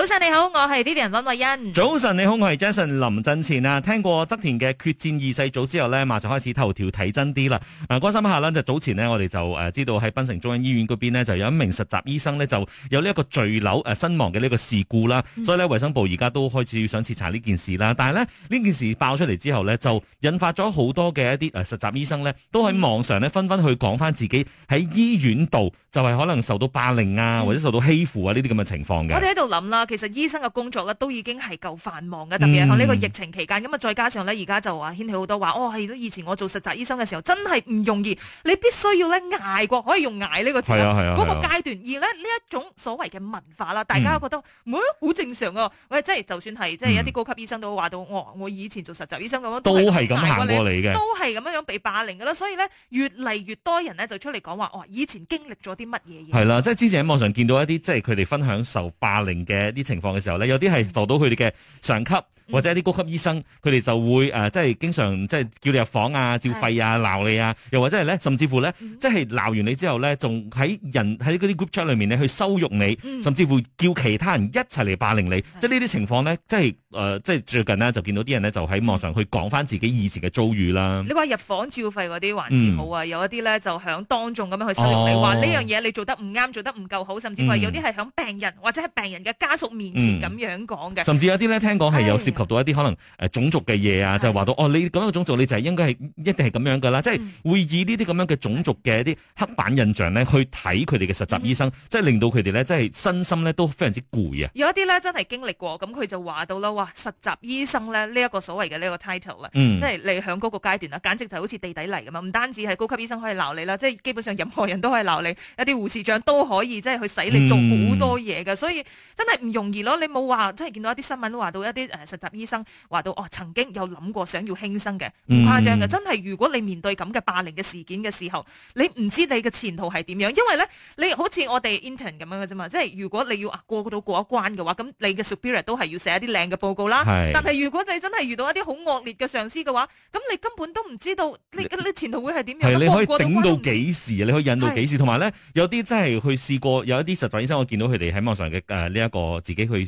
早晨你好，我係 Diddy 人溫慧欣。早晨你好，我係 Jason 林振前啊。聽過側田嘅決戰二世祖之後呢，馬上開始頭條睇真啲啦。啊，關心一下啦，就早前呢，我哋就誒知道喺檳城中央醫院嗰邊呢，就有一名實習醫生呢，就有呢一個墜樓誒身亡嘅呢個事故啦。嗯、所以呢，衛生部而家都開始想徹查呢件事啦。但係呢，呢件事爆出嚟之後呢，就引發咗好多嘅一啲誒實習醫生呢，都喺網上呢，紛紛去講翻自己喺醫院度就係、是、可能受到霸凌啊，嗯、或者受到欺負啊呢啲咁嘅情況嘅。我哋喺度諗啦。其實醫生嘅工作咧都已經係夠繁忙嘅，特別喺呢個疫情期間。咁啊，再加上咧，而家就話牽起好多話，哦係以前我做實習醫生嘅時候真係唔容易，你必須要咧捱過，可以用捱呢個字。係啊嗰、啊、個階段。啊啊、而咧呢呢一種所謂嘅文化啦，大家覺得唔好，好、嗯啊、正常啊。喂，即係就算係即係一啲高級醫生都話到，我、嗯哦、我以前做實習醫生咁樣都係捱過嚟嘅，都係咁樣樣被霸凌嘅啦。所以咧，越嚟越多人咧就出嚟講話，哦，以前經歷咗啲乜嘢嘢。係啦、啊，即係之前喺網上見到一啲即係佢哋分享受霸凌嘅。啲情況嘅時候咧，有啲係受到佢哋嘅上級或者一啲高級醫生，佢哋、嗯、就會誒、呃，即係經常即係叫你入房啊、照肺啊、鬧你啊，又或者係咧，甚至乎咧，嗯、即係鬧完你之後咧，仲喺人喺嗰啲 group chat 裏面咧去羞辱你，甚至乎叫其他人一齊嚟霸凌你，嗯、即係呢啲情況咧，即係。誒、呃，即係最近呢，就見到啲人呢，就喺網上去講翻自己以前嘅遭遇啦。你話入房照肺嗰啲還是好啊？嗯、有一啲咧就響當眾咁樣去收你，話呢樣嘢你做得唔啱，做得唔夠好，甚至話有啲係響病人、嗯、或者係病人嘅家屬面前咁樣講嘅。甚至有啲呢，聽講係有涉及到一啲可能誒種族嘅嘢啊，是的 就話到哦，你講一個種族你就係應該係一定係咁樣噶啦，即係會以呢啲咁樣嘅種族嘅一啲刻板印象呢，去睇佢哋嘅實習醫生，嗯、即係令到佢哋呢，即係身心呢都非常之攰啊。有一啲呢，真係經歷過，咁佢就話到咯。哇！實習醫生咧呢一、呢個所謂嘅呢、呢個 title、嗯、即係你響嗰個階段啦，簡直就好似地底泥咁嘛。唔單止係高級醫生可以鬧你啦，即係基本上任何人都可以鬧你，一啲護士長都可以，即係去使你做好多嘢㗎。嗯、所以真係唔容易咯。你冇話，即係見到一啲新聞都話到一啲實實習醫生話到哦，曾經有諗過想要輕生嘅，唔誇張嘅，嗯、真係如果你面對咁嘅霸凌嘅事件嘅時候，你唔知你嘅前途係點樣，因為咧你好似我哋 intern 咁樣嘅啫嘛，即係如果你要過到過一關嘅話，咁你嘅 superior 都係要寫一啲靚嘅報。報告啦，但係如果你真係遇到一啲好惡劣嘅上司嘅話，咁你根本都唔知道你你前途會係點樣。你可以頂到幾時？你可以引到幾時？同埋咧，有啲真係去試過，有一啲實習醫生，我見到佢哋喺網上嘅誒呢一個自己去誒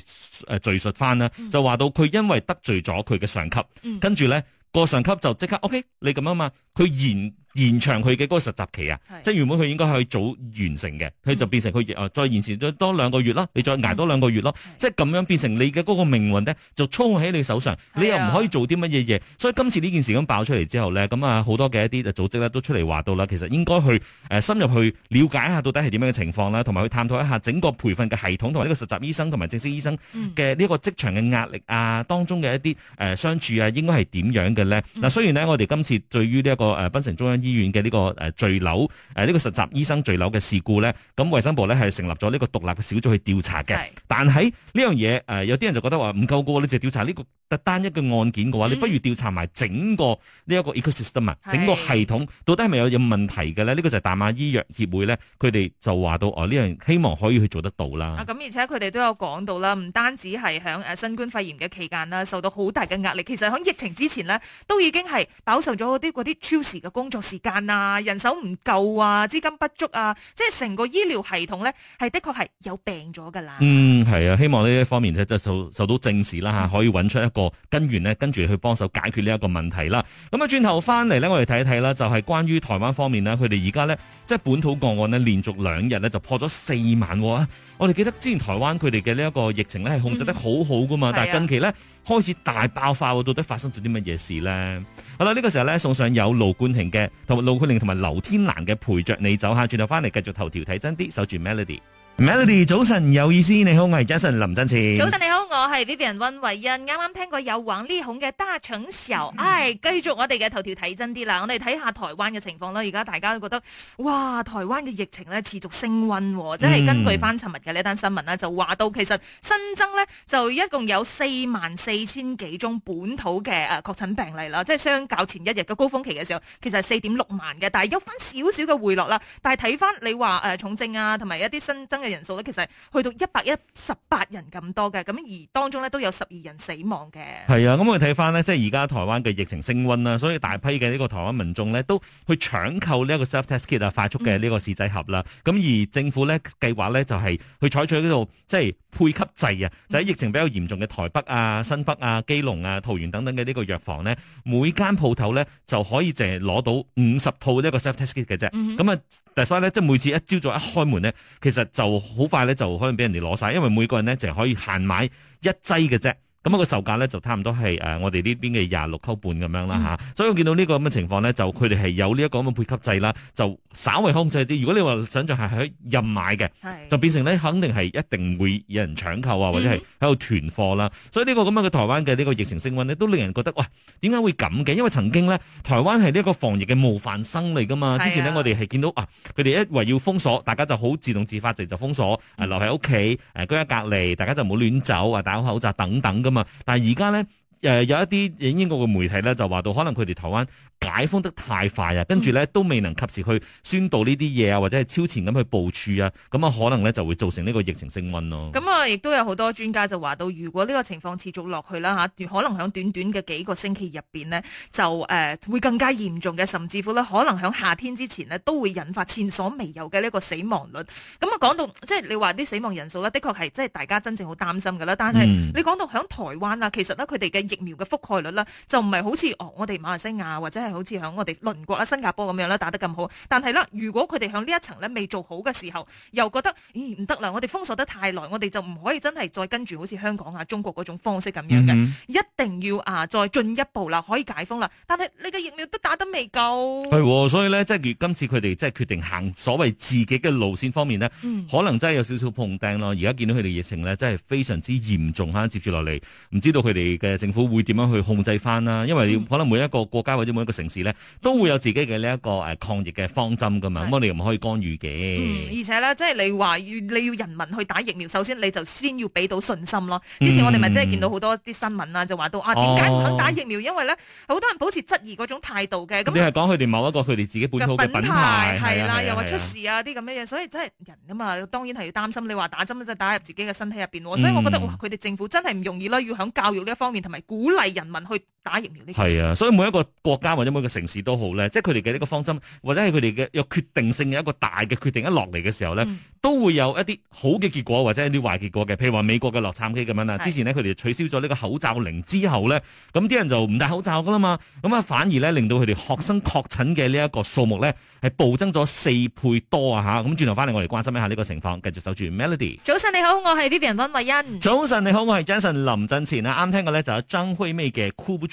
敘、呃、述翻啦，就話到佢因為得罪咗佢嘅上級，跟住咧個上級就即刻、嗯、OK，你咁樣嘛。佢延延長佢嘅嗰個實習期啊，是即係原本佢應該去早完成嘅，佢就變成佢誒、嗯、再延遲咗多兩個月咯，你再挨多兩個月咯，即係咁樣變成你嘅嗰個命運咧，就操控喺你手上，你又唔可以做啲乜嘢嘢，啊、所以今次呢件事咁爆出嚟之後咧，咁啊好多嘅一啲組織咧都出嚟話到啦，其實應該去誒深入去了解一下到底係點樣嘅情況啦，同埋去探討一下整個培訓嘅系統同埋呢個實習醫生同埋正式醫生嘅呢個職場嘅壓力啊，當中嘅一啲誒、呃、相處啊，應該係點樣嘅咧？嗱、嗯，雖然咧我哋今次對於呢、這、一個個誒，檳城中央醫院嘅呢個誒墜樓誒呢個實習醫生墜樓嘅事故咧，咁衛生部咧係成立咗呢個獨立嘅小組去調查嘅。是但係呢樣嘢誒，有啲人就覺得話唔夠過，你淨係調查呢個特單一嘅案件嘅話，嗯、你不如調查埋整個呢一個 ecosystem，整個系統是到底係咪有有問題嘅咧？呢、這個就係大馬醫藥協會咧，佢哋就話到哦，呢、這、樣、個、希望可以去做得到啦。咁、啊、而且佢哋都有講到啦，唔單止係響誒新冠肺炎嘅期間啦，受到好大嘅壓力，其實喺疫情之前呢，都已經係飽受咗啲嗰啲。超時嘅工作時間啊，人手唔夠啊，資金不足啊，即係成個醫療系統咧，係的確係有病咗噶啦。嗯，係啊，希望呢一方面即係受受到正視啦吓，可以揾出一個根源咧，跟住去幫手解決呢一個問題啦。咁啊，轉頭翻嚟，咧，我哋睇一睇啦，就係、是、關於台灣方面呢，佢哋而家咧即係本土個案呢，連續兩日咧就破咗四萬喎。我哋記得之前台灣佢哋嘅呢一個疫情咧係控制得好好噶嘛，嗯、但係近期咧開始大爆發喎，到底發生咗啲乜嘢事咧？好啦，呢、呢個時候咧，送上有盧冠廷嘅，同埋盧冠廷同埋劉天蘭嘅陪着你走下，下轉頭翻嚟繼續頭條睇真啲，守住 Melody。Melody，早晨有意思，你好，我係 Jason 林振前。早晨你好，我係 Vivian 溫慧欣，啱啱聽過有王力宏嘅大城小愛。 唉，繼續我哋嘅頭條睇真啲啦，我哋睇下台灣嘅情況啦。而家大家都覺得哇，台灣嘅疫情咧持續升溫，即係根據翻尋日嘅呢一單新聞啦，就話到其實新增咧就一共有四萬四千幾宗本土嘅誒確診病例啦，即係相較前一日嘅高峰期嘅時候，其實係四點六萬嘅，但係有翻少少嘅回落啦。但係睇翻你話誒重症啊，同埋一啲新增。嘅人數咧，其實去到一百一十八人咁多嘅，咁而當中咧都有十二人死亡嘅。係啊，咁我哋睇返咧，即係而家台灣嘅疫情升溫啦，所以大批嘅呢個台灣民眾咧都去搶購呢一個 self test kit 啊，快速嘅呢個試劑盒啦。咁而政府咧計劃咧就係去採取呢度即係。就是配給制啊，就喺疫情比較嚴重嘅台北啊、新北啊、基隆啊、桃園等等嘅呢個藥房咧，每間鋪頭咧就可以淨係攞到五十套呢個 self test kit 嘅啫。咁啊、嗯哼，第三呢，咧，即係每次一朝早一開門咧，其實就好快咧，就可能俾人哋攞晒，因為每個人咧淨係可以限買一劑嘅啫。咁啊個售價咧就差唔多係誒、啊、我哋呢邊嘅廿六溝半咁樣啦嚇，嗯、所以我見到呢個咁嘅情況咧，就佢哋係有呢一個咁嘅配給制啦，就稍微控制啲。如果你話想像係喺任買嘅，是就變成咧肯定係一定會有人搶購啊，或者係喺度囤貨啦。嗯、所以呢個咁樣嘅台灣嘅呢個疫情升溫咧，都令人覺得喂，點解會咁嘅？因為曾經咧，台灣係呢一個防疫嘅模範生嚟㗎嘛。之前咧、啊、我哋係見到啊，佢哋一話要封鎖，大家就好自動自發地就封鎖，啊、留喺屋企，誒、啊、居喺隔離，大家就唔好亂走，戴好口罩等等咁。咁啊，但係而家咧。誒有一啲英國嘅媒體咧，就話到可能佢哋台灣解封得太快啊，跟住咧都未能及時去宣導呢啲嘢啊，或者係超前咁去部署啊，咁啊可能咧就會造成呢個疫情升溫咯。咁啊、嗯，亦都有好多專家就話到，如果呢個情況持續落去啦吓可能響短短嘅幾個星期入面呢，就、呃、誒會更加嚴重嘅，甚至乎咧可能響夏天之前呢都會引發前所未有嘅呢個死亡率。咁、嗯、啊，講到即係你話啲死亡人數呢，的確係即係大家真正好擔心㗎啦。但係你講到響台灣呀，其實呢佢哋嘅疫苗嘅覆蓋率啦，就唔係好似哦，我哋馬來西亞或者係好似響我哋鄰國啦、新加坡咁樣啦打得咁好。但係啦，如果佢哋響呢一層咧未做好嘅時候，又覺得咦唔得啦，我哋封鎖得太耐，我哋就唔可以真係再跟住好似香港啊、中國嗰種方式咁樣嘅，嗯嗯一定要啊再進一步啦，可以解封啦。但係你嘅疫苗都打得未夠，係、哦、所以咧即係今次佢哋即係決定行所謂自己嘅路線方面呢，嗯、可能真係有少少碰釘咯。而家見到佢哋疫情咧真係非常之嚴重吓接住落嚟，唔知道佢哋嘅政府。會點樣去控制翻啦？因為可能每一個國家或者每一個城市咧，都會有自己嘅呢一個誒抗疫嘅方針噶嘛。咁我哋又唔可以干預嘅。嗯，而且咧，即係你話要你要人民去打疫苗，首先你就先要俾到信心咯。之前我哋咪真係見到好多啲新聞啦，就話到啊，點解唔肯打疫苗？因為咧，好多人保持質疑嗰種態度嘅。咁你係講佢哋某一個佢哋自己本土嘅品牌係啦，又話出事啊啲咁嘅嘢，所以真係人啊嘛，當然係要擔心。你話打針就打入自己嘅身體入邊，所以我覺得哇，佢哋政府真係唔容易啦，要響教育呢一方面同埋。鼓勵人民去。打疫苗係啊，所以每一個國家或者每一個城市都好咧，即係佢哋嘅呢個方針，或者係佢哋嘅有決定性嘅一個大嘅決定一落嚟嘅時候咧，嗯、都會有一啲好嘅結果，或者一啲壞的結果嘅。譬如話美國嘅洛杉磯咁樣啊，之前呢，佢哋取消咗呢個口罩令之後咧，咁啲人就唔戴口罩噶啦嘛，咁啊反而咧令到佢哋學生確診嘅呢一個數目咧係暴增咗四倍多啊嚇！咁轉頭翻嚟我哋關心一下呢個情況，繼續守住 Melody。早晨你好，我係啲人温慧欣。早晨你好，我係 Jason 林振前啊！啱聽過咧就有、是、張惠妹嘅 Cool 出嚟咁啊！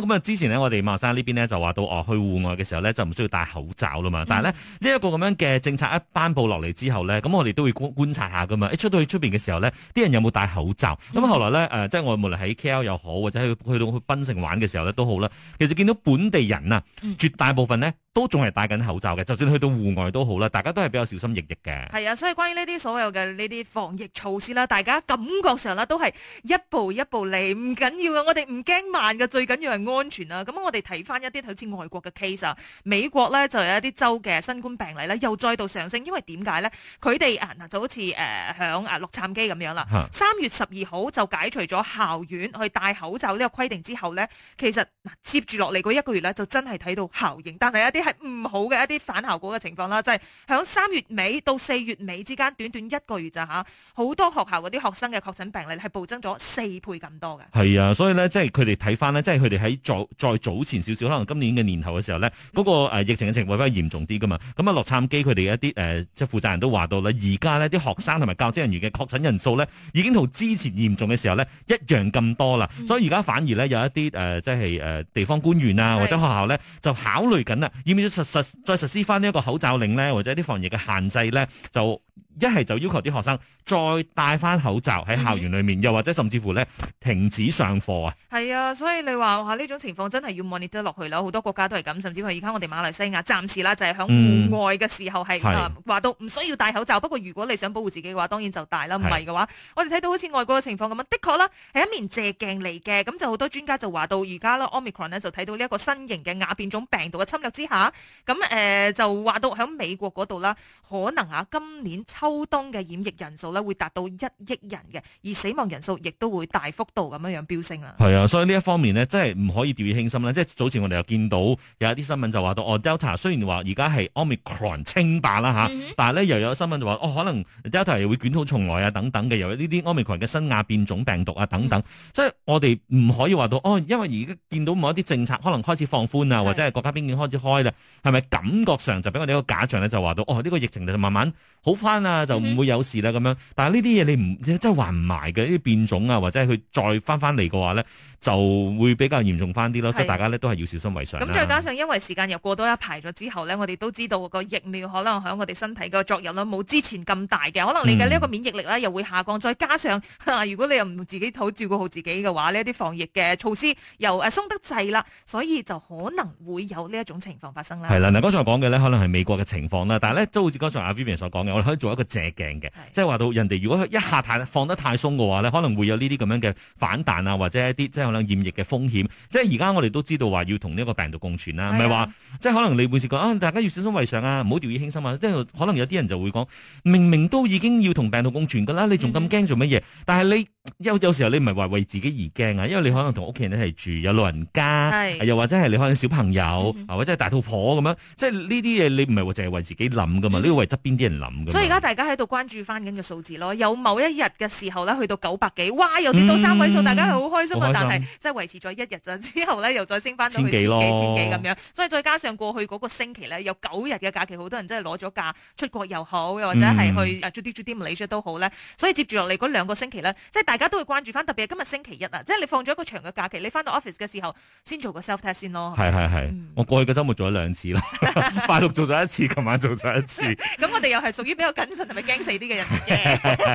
咁、嗯、啊！之前咧，我哋馬生呢邊咧就話到哦，去戶外嘅時候咧就唔需要戴口罩啦嘛。嗯、但係咧呢一個咁樣嘅政策一頒布落嚟之後咧，咁我哋都會觀觀察下噶嘛。一出到去出邊嘅時候咧，啲人有冇戴口罩？咁、嗯、後來咧誒、呃，即係我哋無論喺 K L 又好，或者去去到去檳城玩嘅時候咧都好啦。其實見到本地人啊，絕大部分咧。嗯都仲係戴緊口罩嘅，就算去到戶外都好啦，大家都係比較小心翼翼嘅。係啊，所以關於呢啲所有嘅呢啲防疫措施啦，大家感覺上啦都係一步一步嚟，唔緊要啊。我哋唔驚慢嘅，最緊要係安全啊。咁我哋睇翻一啲好似外國嘅 case 啊，美國咧就有一啲州嘅新冠病例咧又再度上升，因為點解咧？佢哋啊嗱就好似誒響啊洛杉磯咁樣啦，三月十二號就解除咗校園去戴口罩呢個規定之後咧，其實嗱接住落嚟嗰一個月咧就真係睇到效應，但係有啲。係唔好嘅一啲反效果嘅情況啦，即係響三月尾到四月尾之間短短一個月咋吓，好多學校嗰啲學生嘅確診病例係暴增咗四倍咁多嘅。係啊，所以咧，即係佢哋睇返咧，即係佢哋喺再再早前少少，可能今年嘅年頭嘅時候呢，嗰、嗯那個誒、啊、疫情嘅情況比較嚴重啲噶嘛。咁啊，洛杉磯佢哋嘅一啲誒即係負責人都話到啦，而家呢啲學生同埋教職人員嘅確診人數呢，已經同之前嚴重嘅時候呢一樣咁多啦。嗯、所以而家反而呢，有一啲誒、呃、即係誒、呃、地方官員啊的或者學校呢，就考慮緊啦。要唔要實實再實施翻呢一個口罩令咧，或者啲防疫嘅限制咧，就？一係就要求啲學生再戴翻口罩喺校園裏面，嗯、又或者甚至乎咧停止上課啊！係啊，所以你話嚇呢種情況真係要蔓烈蔓延得落去啦，好多國家都係咁，甚至乎而家我哋馬來西亞暫時啦就係響戶外嘅時候係話、嗯啊、到唔需要戴口罩，不過如果你想保護自己嘅話，當然就戴啦。唔係嘅話，我哋睇到好似外國嘅情況咁啊，的確啦係一面借鏡嚟嘅，咁就好多專家就話到而家啦，omicron 呢就睇到一個新型嘅亞變種病毒嘅侵略之下，咁、呃、就話到喺美國嗰度啦，可能嚇、啊、今年。秋冬嘅染疫人數咧會達到一億人嘅，而死亡人數亦都會大幅度咁樣樣飆升啦。係啊，所以呢一方面咧，真係唔可以掉以輕心啦。即係早前我哋又見到有一啲新聞就話到哦，Delta 雖然話而家係 Omicron 稱霸啦吓，啊嗯、哼但係咧又有新聞就話哦，可能 Delta 又會捲土重來啊等等嘅，又有呢啲 Omicron 嘅新亞變種病毒啊等等。即係、嗯、我哋唔可以話到哦，因為而家見到某一啲政策可能開始放寬啊，是或者係國家邊境開始開啦，係咪感覺上就俾我哋一個假象咧，就話到哦，呢、這個疫情就慢慢好翻啊，就唔會有事啦咁、嗯、哼樣。但係呢啲嘢你唔即係話唔埋嘅，呢啲變種啊，或者佢再翻翻嚟嘅話咧，就會比較嚴重翻啲咯。所以、嗯、大家都係要小心為上。咁再、嗯、加上因為時間又過多一排咗之後咧，我哋都知道個疫苗可能喺我哋身體個作用咧冇之前咁大嘅，可能你嘅呢個免疫力咧又會下降。嗯、再加上如果你又唔自己好照顧好自己嘅話，呢啲防疫嘅措施又誒鬆、呃、得滯啦，所以就可能會有呢一種情況發生啦。係啦、嗯，嗱剛才講嘅可能係美國嘅情況啦，但係咧都好似剛才阿 Vivian 所講嘅。我哋可以做一個借鏡嘅，即係話到人哋如果一下太放得太鬆嘅話咧，可能會有呢啲咁樣嘅反彈啊，或者一啲即係可能染疫嘅風險。即係而家我哋都知道話要同呢個病毒共存啦，唔係話即係可能你會試過啊，大家要小心為上啊，唔好掉以輕心啊。即係可能有啲人就會講，明明都已經要同病毒共存噶啦，你仲咁驚做乜嘢？嗯、但係你。有有時候你唔係話為自己而驚啊，因為你可能同屋企人一齊住，有老人家，係又或者係你可能小朋友，或者係大肚婆咁樣，即係呢啲嘢你唔係話淨係為自己諗噶嘛，你要為側邊啲人諗。所以而家大家喺度關注翻緊個數字咯，有某一日嘅時候咧，去到九百幾，哇，又跌到三位數，大家係好開心啊，但係即係維持咗一日就之後咧，又再升翻到千幾咯，千幾咁樣。所以再加上過去嗰個星期咧，有九日嘅假期，好多人真係攞咗假出國又好，又或者係去做啲做啲 research 都好咧。所以接住落嚟嗰兩個星期咧，即係大。大家都會關注翻，特別係今日星期一啊！即係你放咗一個長嘅假期，你翻到 office 嘅時候，先做個 self test 先咯。係係係，嗯、我過去嘅周末做咗兩次啦， 拜六做咗一次，琴晚做咗一次。咁 我哋又係屬於比較謹慎，同埋驚死啲嘅人。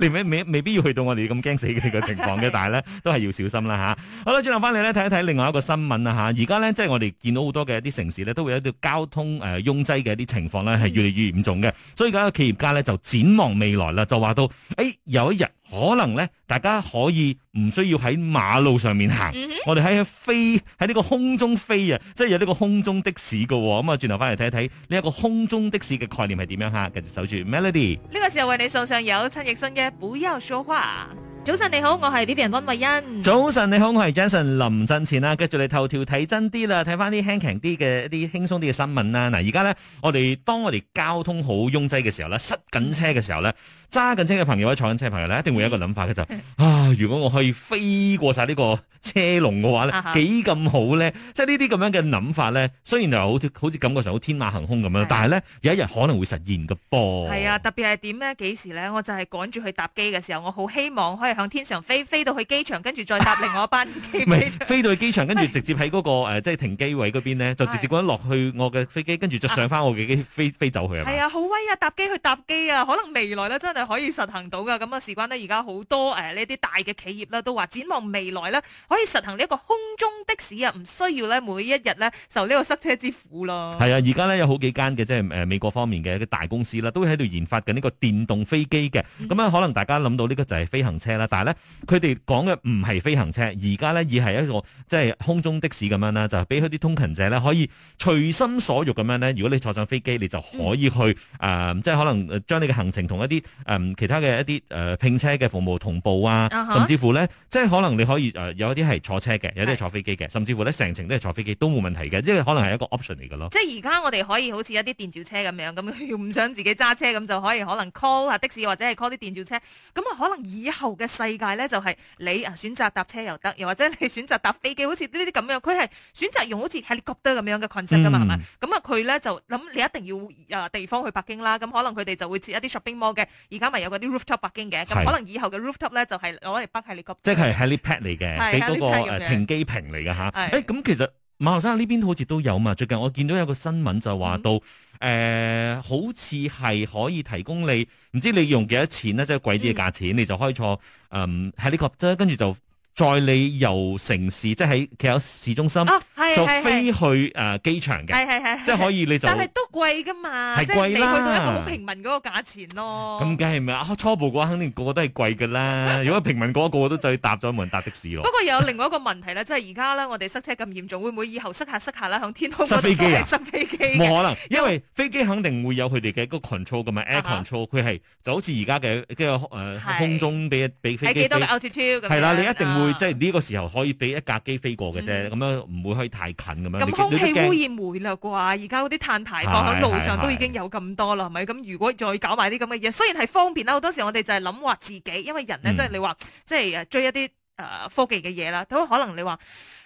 你未未必要去到我哋咁驚死嘅情況嘅， 但係咧都係要小心啦吓、啊。好啦，轉頭翻嚟，咧睇一睇另外一個新聞啦吓。而家咧即係我哋見到好多嘅一啲城市咧，都會有一啲交通誒擁擠嘅一啲情況咧，係越嚟越嚴重嘅。嗯、所以而家企業家咧就展望未來啦，就話到誒、哎、有一日。可能咧，大家可以唔需要喺馬路上面行，嗯、哼我哋喺飛喺呢個空中飛啊，即係有呢個空中的士噶咁啊！轉頭翻嚟睇一睇呢一個空中的士嘅概念係點樣吓，繼續守住 Melody 呢個時候為你送上有陳奕迅嘅不要說話。早晨你好，我係呢邊人温慧欣。早晨你好，我係 Jason 林振前啦。跟住嚟頭條睇真啲啦，睇翻啲輕鬆啲嘅一啲輕鬆啲嘅新聞啦。嗱，而家呢，我哋當我哋交通好擁擠嘅時候呢，塞緊車嘅時候呢，揸緊車嘅朋友或者坐緊車朋友呢，一定會有一個諗法嘅就是嗯、啊，如果我可以飛過晒呢個車龍嘅話呢，幾咁 好呢？即係呢啲咁樣嘅諗法呢，雖然又好似好似感覺上好天馬行空咁樣，的但係呢，有一日可能會實現嘅噃。係啊，特別係點呢？幾時呢？我就係趕住去搭機嘅時候，我好希望可以向天上飛，飛到去機場，跟住再搭另外一班機。唔係、啊、飛到去機場，跟住直接喺嗰、嗰個即係是、呃就係、停機位嗰邊咧，就直接咁落去我嘅飛機，跟住就上翻我嘅機飛、啊、飛走去啊！係啊，好威啊！搭機去搭機啊！可能未來呢真係可以實行到㗎。咁啊，事關呢，而家好多誒呢啲大嘅企業呢都話展望未來呢，可以實行呢一個空中的士啊，唔需要呢每一日呢受呢個塞車之苦咯。係啊，而家呢有好幾間嘅，即係誒美國方面嘅大公司啦，都喺度研發緊呢個電動飛機嘅。咁啊、嗯，可能大家諗到呢個就係飛行車。但係咧，佢哋講嘅唔係飛行車，現在而家咧已係一個即係空中的士咁樣啦，就俾佢啲通勤者咧可以隨心所欲咁樣咧。如果你坐上飛機，你就可以去誒、嗯呃，即係可能將你嘅行程同一啲誒、呃、其他嘅一啲誒、呃、拼車嘅服務同步啊，甚至乎咧，即係可能你可以誒、呃、有一啲係坐車嘅，有啲係坐飛機嘅，是的 甚至乎咧成程都係坐飛機都冇問題嘅，即係可能係一個 option 嚟嘅咯。即係而家我哋可以好似一啲電召車咁樣，咁唔想自己揸車咁就可以可能 call 下的士或者係 call 啲電召車，咁啊可能以後嘅。世界咧就係你啊選擇搭車又得，又或者你選擇搭飛機，好似呢啲咁樣，佢係選擇用好似 Helicopter 咁樣嘅概念噶嘛，係咪、嗯？咁啊佢咧就諗你一定要地方去北京啦，咁可能佢哋就會設一啲 shopping mall 嘅，而家咪有嗰啲 rooftop 北京嘅，咁是 可能以後嘅 rooftop 咧就係攞嚟北 Helicopter，即係 Helipad 嚟嘅，喺嗰個停機坪嚟嘅吓。誒咁的、欸、其實。馬學生呢邊好似都有嘛？最近我見到有個新聞就話到，誒、嗯呃，好似係可以提供你，唔知你用幾多錢咧，即係貴啲嘅價錢，你就開錯，嗯，喺呢個啫，跟住就載你遊城市，即係喺企喺市中心。啊就飛去誒機場嘅，係係係，即係可以你就，但係都貴㗎嘛，係貴啦，好平民嗰個價錢咯。咁梗係咪初步嘅話肯定個個都係貴㗎啦。如果平民嗰個個都就搭咗一門搭的士咯。不過有另外一個問題咧，即係而家咧，我哋塞車咁嚴重，會唔會以後塞下塞下咧，向天空塞飛機啊？塞飛機，冇可能，因為飛機肯定會有佢哋嘅一個 control 同埋 air control，佢係就好似而家嘅嘅誒空中俾俾飛機，係幾多嘅 altitude。係啦，你一定會即係呢個時候可以俾一架機飛過嘅啫，咁樣唔會去。太近咁樣，咁空氣污染滿啦啩！而家嗰啲碳排放喺路上都已經有咁多啦，係咪？咁如果再搞埋啲咁嘅嘢，雖然係方便啦，好多時我哋就係諗話自己，因為人咧即係你話即係追一啲、呃、科技嘅嘢啦，都可能你話。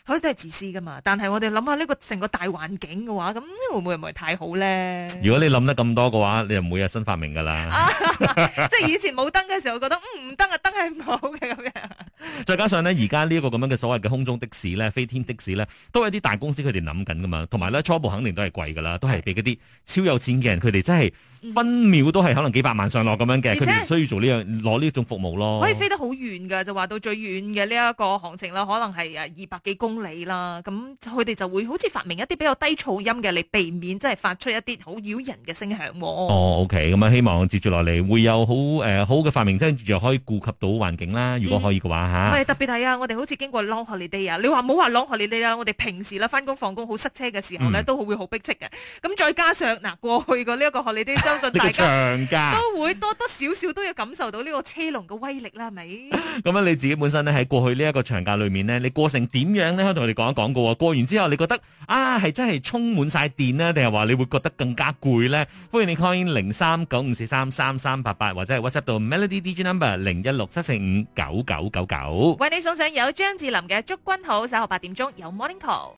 佢都係自私噶嘛，但係我哋諗下呢個成個大環境嘅話，咁會唔會唔係太好咧？如果你諗得咁多嘅話，你又唔會有新發明噶啦。即係以前冇燈嘅時候，覺得唔、嗯、燈啊，燈係唔好嘅咁樣。 再加上咧，而家呢一個咁樣嘅所謂嘅空中的士咧，飛天的士咧，都有啲大公司佢哋諗緊噶嘛。同埋咧，初步肯定都係貴噶啦，都係俾嗰啲超有錢嘅人，佢哋真係分秒都係可能幾百萬上落咁樣嘅，佢哋而且 需要做呢樣攞呢一種服務咯。可以飛得好遠㗎，就話到最遠嘅呢一個行程啦，可能係誒二百幾公。你啦，咁佢哋就會好似發明一啲比較低噪音嘅嚟避免，即係發出一啲好擾人嘅聲響。哦，OK，咁啊，希望接住落嚟會有好誒好嘅發明，真係又可以顧及到環境啦。如果可以嘅話嚇，特別係啊，我哋好似經過 Long Holiday 啊，你話冇話 Long Holiday 啊，我哋平時啦，翻工放工好塞車嘅時候咧，都會好逼迫嘅。咁再加上嗱，過去嘅呢一個 holiday，相信大家都會多多少少都要感受到呢個車龍嘅威力啦，係咪？咁啊，你自己本身咧，喺過去呢一個長假裏面咧，你過成點樣咧？聽我哋講一講過，過完之後你覺得啊係真係充滿晒電咧，啊，定係話你會覺得更加攰呢？歡迎你 call 零三九五四三三三八八，或者係 WhatsApp 到 Melody DJ number 零一六七四五九九九九，為你送上有張智霖嘅祝君好，稍後八點鐘有 Morning Call。